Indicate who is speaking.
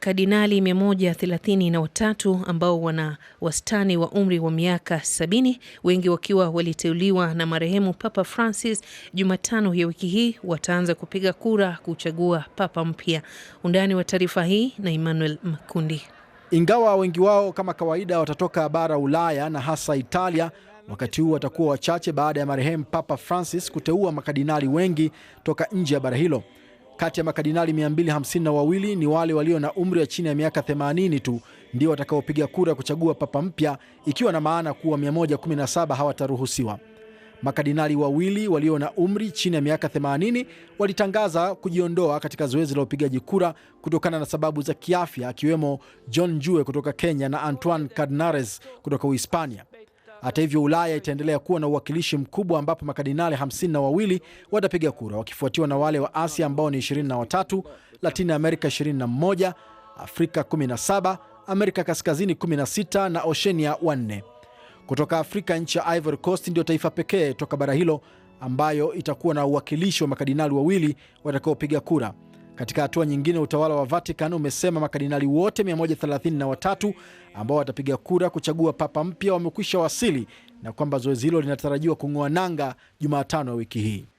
Speaker 1: Kardinali 133 ambao wana wastani wa umri wa miaka sabini, wengi wakiwa waliteuliwa na marehemu Papa Francis Jumatano ya wiki hii wataanza kupiga kura kuchagua papa mpya. Undani wa taarifa hii na Emmanuel Makundi.
Speaker 2: Ingawa wengi wao kama kawaida watatoka bara Ulaya na hasa Italia, wakati huu watakuwa wachache baada ya marehemu Papa Francis kuteua makardinali wengi toka nje ya bara hilo. Kati ya makadinali 252 ni wale walio na umri wa chini ya miaka 80 tu ndio watakaopiga kura kuchagua papa mpya, ikiwa na maana kuwa 117 hawataruhusiwa. Makadinali wawili walio na umri chini ya miaka 80 walitangaza kujiondoa katika zoezi la upigaji kura kutokana na sababu za kiafya, akiwemo John Njue kutoka Kenya na Antoine Cardnares kutoka Uhispania. Hata hivyo, Ulaya itaendelea kuwa na uwakilishi mkubwa ambapo makardinali hamsini na wawili watapiga kura wakifuatiwa na wale wa Asia ambao ni 23, Latini Amerika 21, Afrika 17, Amerika Kaskazini 16 na Oshenia wanne. Kutoka Afrika, nchi ya Ivory Coast ndio taifa pekee toka bara hilo ambayo itakuwa na uwakilishi wa makardinali wawili watakaopiga kura. Katika hatua nyingine, utawala wa Vatican umesema makardinali wote 133 ambao watapiga kura kuchagua papa mpya wamekwisha wasili na kwamba zoezi hilo linatarajiwa kung'oa nanga Jumatano ya wiki hii.